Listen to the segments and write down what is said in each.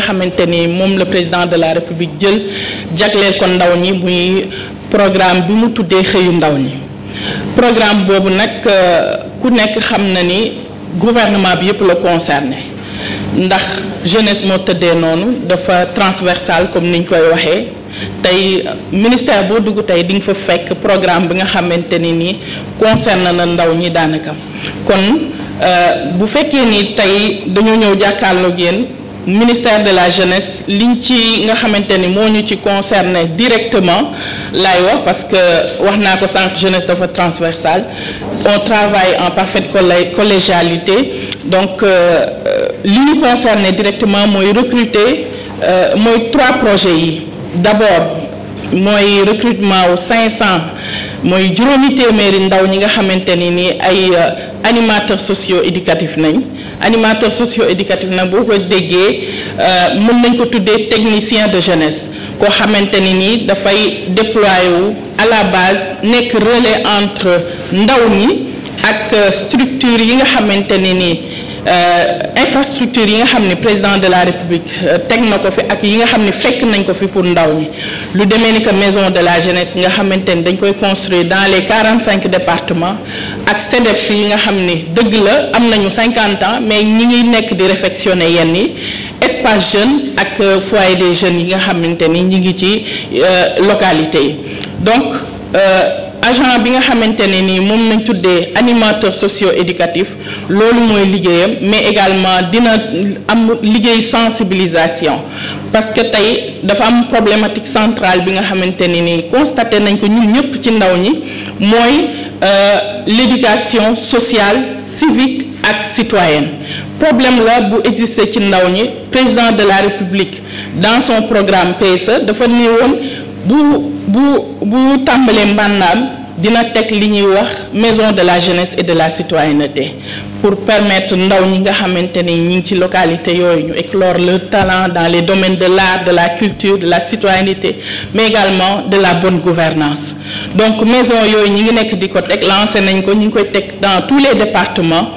nga xamante ni moom le président de la république jël jagleel ko ndaw ñi muy programme bi mu tuddee xëyu ndaw ñi programme boobu nag euh, ku nekk xam na ni gouvernement bi yëpp la concerné ndax jeunesse moo tëddee noonu dafa transversal comme niñ koy waxee tey ministère boo dugg tey di nga fa fekk programme bi nga xamante ni nii concerne na ndaw ñi daanaka kon euh, bu fekkee ni tey dañoo ñëw jàkkaarloog yéen ministère de la jeunesse liñ ci nga xamante ni moo ñu ci concerné directement lay wax parce que wax naa ko sànq jeunesse dafa transversale on travaille en parfaite collégialité donc euh, euh, li ñu concerné directement mooy recruter euh, mooy trois projets yi d'abord mooy recrutement wu 500 mooy juróomi téeméeri ndaw ñi nga xamante ni ni ay euh, animateurs socio éducatifs nañ animateur socio éducatif nag boo ko déggee euh, mën nañ ko tuddee technicien de jeunesse koo xamante ni nii dafay déployer wu à la nekk relais entre ndaw ñi ak euh, structure yi nga xamante ni nii Euh, infrastructure yi nga xam ne président de la république euh, teg na ko fi ak yi nga xam ne fekk nañ ko fi pour ndaw ñi lu demee ni que maison de la jeunesse yi nga xamante ni dañ koy construire dans les quarante cinq départements ak CEDEPS yi nga xam ni dëgg la am nañu cinquante ans mais ñi ngi nekk di réfectionner yenn yi espace jeune ak euh, foyer des jeunes yi nga xamante ni ñi ngi ci localité yi donc. agent bi nga xamante ne nii moom nañ tuddee animateur socio-éducatif loolu mooy liggéeyam mais également dina am liggéey sensibilisation parce que tey dafa am problématique centrale bi nga xamante ni nii constaté nañ ko ñun ñëpp ci ndaw ñi mooy euh, l'éducation sociale civique ak citoyenne problème la bu exister ci ndaw ñi président de la République dans son programme PSE dafa ne woon bu bu bu tàmbalee mbànnaam dina teg li ñuy wax maison de la jeunesse et de la citoyenneté pour permettre ndaw ñi nga xamante ni ñi ngi ci localité yooyu ñu éclore le talent dans les domaines de l'art de la culture de la citoyenneté mais également de la bonne gouvernance donc maison yooyu ñi ngi nekk di ko teg lancé nañ ko ñi ngi koy teg dans tous les départements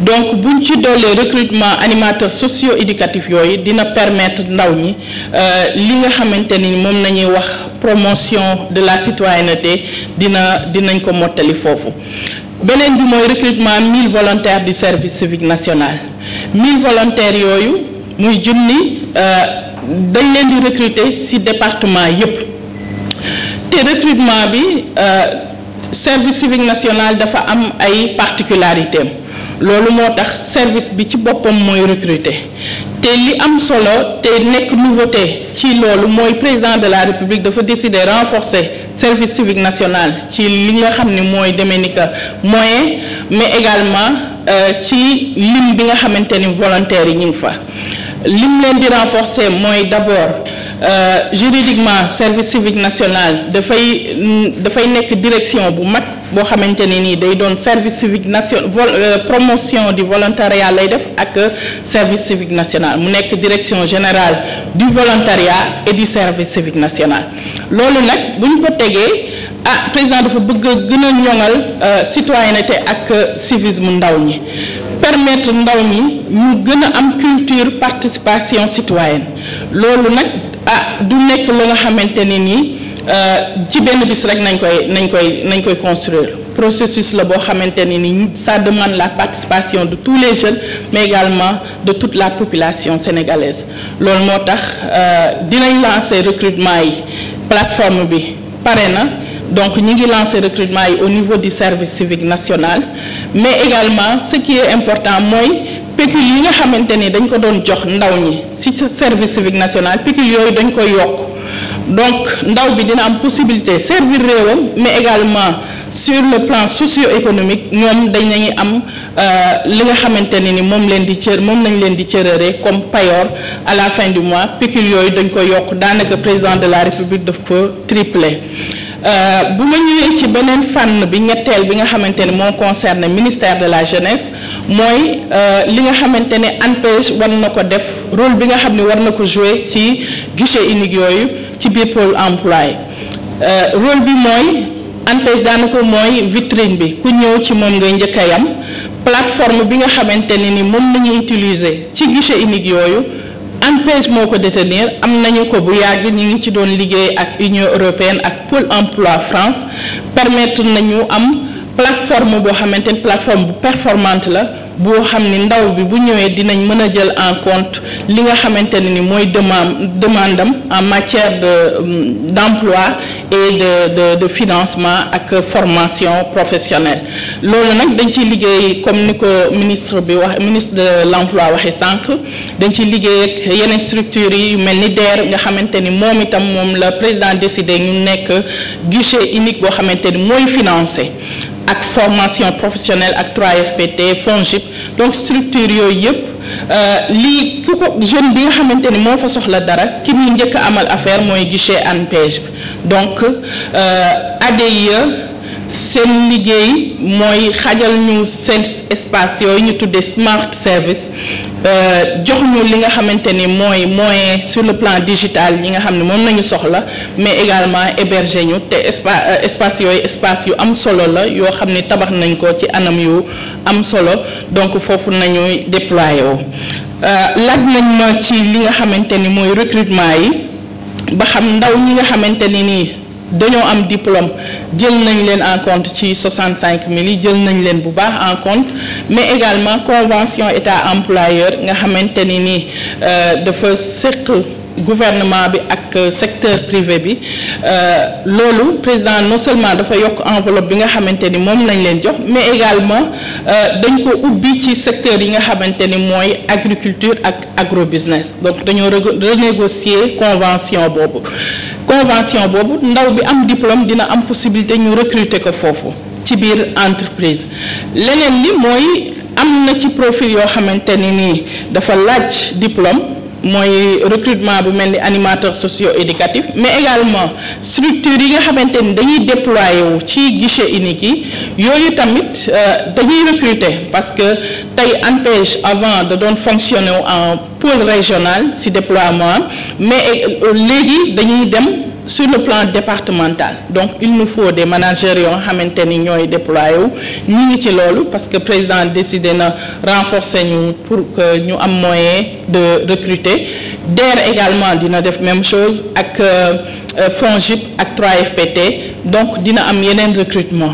donc buñ ci doolee recrutement animateurs socio éducatifs yooyu dina permettre ndaw ñi euh, li nga xamante ni moom nañuy wax promotion de la citoyenneté dina dinañ ko mottali foofu beneen bi mooy recrutement 1000 volontaires du service civique national 1000 volontaires yooyu muy junni euh, dañ leen di recruter ci département yépp te recrutement bi euh, service civique national dafa am ay particularités loolu moo tax service bi ci boppam mooy recruter te li am solo te nekk nouveauté ci loolu mooy président de la république dafa décider renforcer service civique national ci li nga xam ne mooy demee ni que moyen mais également euh, ci lim bi nga xamante ni volontaires yi ñu fa lim leen di renforcer mooy d'abord Euh, juridiquement service civique national dafay mm, dafay nekk direction bu mag boo xamante ne nii day doon service civique national euh, promotion du volontariat lay def ak service civique national mu nekk direction général du volontariat et du service civique national loolu nag bu ñu ko tegee ah président dafa bëgg a gën a ñoŋal euh, citoyenneté ak civisme ndaw ñi permettre ndaw ñi mu gën a am culture participation citoyenne loolu nag du nekk la nga xamante ne nii euh, ci benn bis rek nañ koy nañ koy nañ koy construire processus la boo xamante ne nii ça demande la participation de tous les jeunes mais également de toute la population sénégalaise loolu moo tax euh, dinañ lancer recrutement yi plateforme bi pare na donc ñu ngi lancer recrutement yi au niveau du service civique national mais également ce qui est important mooy pécule yi nga xamante ni dañ ko doon jox ndaw ñi ci service civique national pécule yooyu dañ koy yokk donc ndaw bi dina am possibilité servir réewam mais également sur le plan socio-économique ñoom dañ nañu am euh, li nga xamante ne ni moom leen di cër moom nañ leen di cërëree comme payoor à la fin du mois pécule yooyu dañ koy yokk daanaka président de la république daf ko tripler Euh, bu ma ñëwee ci beneen fànn bi ñetteel bi nga xamante ne moo concerne ministère de la jeunesse mooy euh, li nga xamante ne ANPEJ war na ko def rôle bi nga xam ne war na ko jouer ci guichet unique yooyu ci biir pôle emploi yi euh, rôle bi mooy ANPEJ daanaka mooy vitrine bi ku ñëw ci moom ngay njëkk a yam plateforme bi nga xamante ne ni moom la ñuy utiliser ci guichet unique yooyu. ANPEJ moo ko détenir am nañu ko bu yàgg ñu ngi ci doon liggéey ak Union européenne ak Pôle emploi France permettre nañu am plateforme boo xamante ni plateforme bu performante la boo xam ni ndaw bi bu ñëwee dinañ mën a jël en compte li nga xamante ne ni mooy demande demande am en matière de euh, d'emploi de de de financement ak formation professionnelle loolu nag dañ ciy liggéey comme ni ko ministre bi wax ministre de l'emploi waxee sànq dañ ciy liggéey ak yeneen structure yi mel ni DER nga xamante ni moom itam moom la président décidé ñu nekk guichet unique boo xamante ni mooy financer ak formation professionnel ak 3FPT FONGIP donc structure yooyu yëpp euh, lii ku ko jeune bi nga xamante ni moo fa soxla dara ki muy njëkk amal affaire mooy guichet ANPEJ donc euh, ADIE seen liggéey mooy xajal ñu seen espace yooyu ñu tuddee smart service euh, jox ñu li nga xamante ni mooy moyen sur le plan digital yi nga xam ne moom nañu soxla mais également héberger ñu te espace euh, espace yooyu espace yu am solo la yoo xam ne tabax nañ ko ci anam yu am solo donc foofu nañuy déployer wu euh, laaj nañ ma ci li nga xamante ni mooy recrutement yi ba xam ndaw ñi nga xamante ni nii dañoo am diplôme jël nañ leen en compte ci 65 000 yi jël nañ leen bu baax en compte mais également convention état employeur nga xamante ni nii euh, dafa séq gouvernement bi ak euh, secteur privé bi euh, loolu président non seulement dafa yokk enveloppe bi nga xamante ni moom lañ leen jox mais également euh, dañ ko ubbi ci secteur yi nga xamante ni mooy agriculture ak agrobusiness donc dañoo renégocier convention boobu convention boobu ndaw bi am diplôme dina am possibilité ñu recruter ko foofu ci biir entreprise leneen li mooy am na ci profil yoo xamante ni nii dafa laaj diplôme mooy recrutement bu mel ni animateur socio-éducatif mais également structure yi nga xamante ni dañuy déployer wu ci guichet unique yi yooyu tamit euh, dañuy recruter parce que tey ANPEJ avant da doon fonctionner en pôle régional ci déploiement mais euh, léegi dañuy dem sur le plan départemental donc il nous faut des managers yoo nga xamante ni ñooy déployé wu ñu ngi ci loolu parce que président décidé na renforcer ñu pour que ñu am moyen de recruter DER également dina def même chose ak euh, euh, FONGIP ak 3FPT donc dina am yeneen recrutement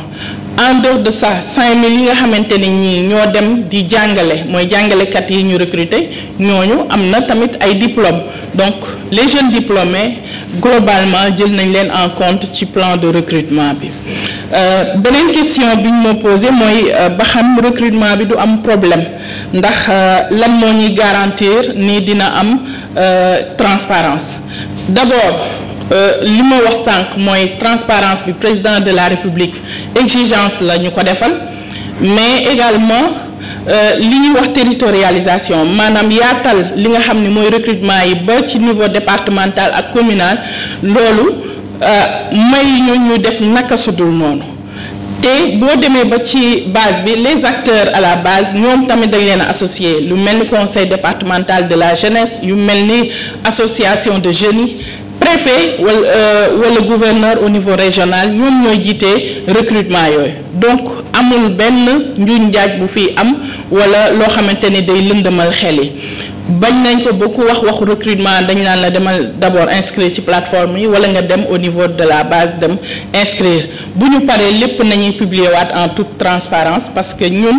en dehors de ça 5000 yi nga xamante ne ñii ñoo dem di jàngale mooy jàngalekat yi ñu recruter ñooñu am na tamit ay diplômes donc les jeunes diplômés globalement jël nañ leen en compte ci plan de recrutement bi euh, beneen question bi ñu ma posé mooy euh, ba xam recrutement bi du am problème ndax euh, lan moo ñuy garantir ni dina am transparence d'abord Euh, li ma wax sànq mooy transparence bi président de la république exigence la ñu ko defal mais également euh, li ñuy wax territorialisation maanaam yaatal li nga xam ni mooy recrutement yi ba ci niveau départemental ak communal loolu euh, may ñu ñu def naka sudul noonu te boo demee ba ci base bi les acteurs à la base moom tamit dañ leen a associé lu mel ni conseil départemental de la jeunesse yu mel ni association de jeunes préfet wala euh, wala gouverneur au niveau régional ñoom ñooy jiitee recrutement yooyu donc amul benn njuñ njaaj bu fi am wala loo xamante ni day lëndëmal xel yi bañ nañ ko ba ku wax waxu recrutement dañu naan la demal d'abord inscrire ci plateforme yi wala nga dem au niveau de la base dem inscrire bu ñu paree lépp nañuy publier waat en toute transparence parce que ñun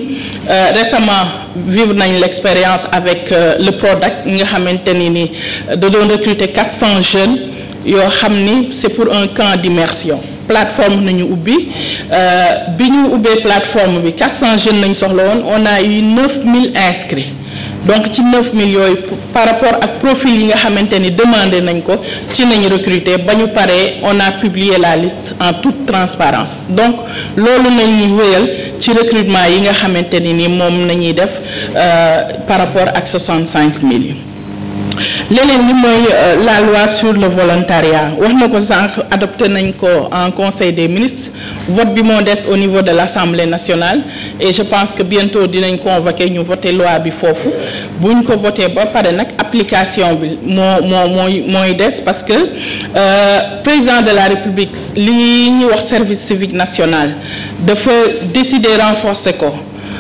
euh, récemment vivre nañ l'expérience avec euh, le PRODAC nga xamante ni ni euh, da doon recruter 400 jeunes yoo xam ni c'est pour un camp d'immersion plateforme nañu ubbi bi ñu ubbee plateforme bi 400 jeunes nañu soxla woon on a eu 9000 inscrits donc ci 9000 yooyu par rapport ak profil yi nga xamante ni demandé nañ ko ci ñu recruter ba ñu paree on a publié la liste en toute transparence donc loolu nañuy wéyal ci recrutement yi nga xamante ni ni moom nañuy def euh, par rapport ak 65000 yi leneen li mooy euh, la loi sur le volontariat wax na ko sànq adopté nañ ko en conseil des ministre vote bi moo des au niveau de l' assemblée nationale et je pense que bientôt dinañ convoqué ñu voté loi bi foofu buñ ko voté ba pare nag application bi moo moo mooy mooy des parce que euh, président de la république li ñuy wax service civique national dafa décider renforcer ko.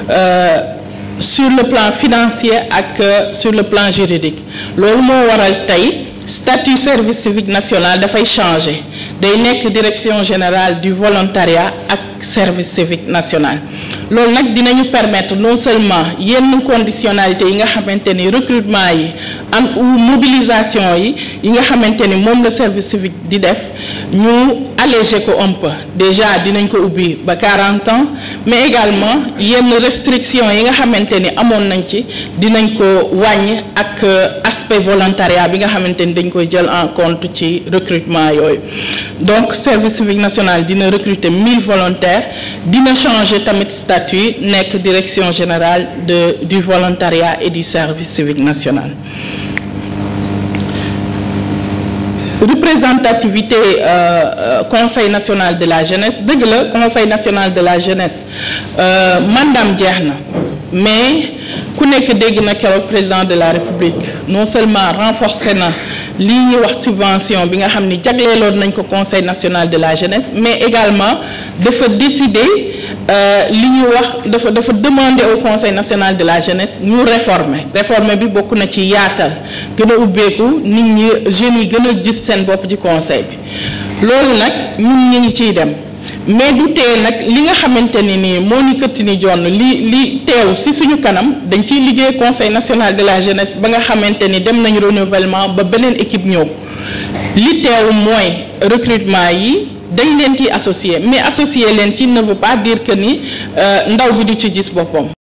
Euh, sur le plan financier ak euh, sur le plan juridique loolu moo waral tey statut service civique national dafay changer day nekk direction générale du volontariat ak service civique national loolu nag dinañu permettre non seulement yenn conditionnalité yi nga xamante ni recrutement yi am ou mobilisation yi yi nga xamante ni moom la service civique di def ñu alléger ko un peu déjà dinañ ko ubbi ba quarante ans mais également yenn restrictions yi nga xamante ni amoon nañ ci dinañ ko wàññi ak euh, aspect volontariat bi nga xamante ni dañ koy jël en compte ci recrutement yooyu donc service civique national dina recruter 1000 volontaires communautaire dina changer tamit statut nekk direction générale de du volontariat et du service civique national représentativité euh, euh conseil national de la jeunesse dëgg la conseil national de la jeunesse euh, mandam jeex na mais ku nekk dégg na keroog président de la république non seulement renforcé na li ñuy wax subvention bi nga xam ni jagleeloon nañ ko conseil national de la jeunesse mais également dafa décider euh, li ñuy wax dafa dafa demander au conseil national de la jeunesse ñu réformer réformer bi bokk na ci yaatal gën a ubbeeku nit ñi jeunes yi gën a gis seen bopp ci conseil bi loolu nag ñun ñu ngi ciy dem. mais du tee nag li nga xamante ni nii moo ni këtt ni jonn li li teew si suñu kanam dañ ciy liggéey conseil national de la jeunesse ba nga xamante ni dem nañ renouvellement ba beneen équipe ñëw li teew mooy recrutement yi dañ leen ciy associé mais associé leen ci ne veut pas dire que ni euh, ndaw bi du ci gis boppam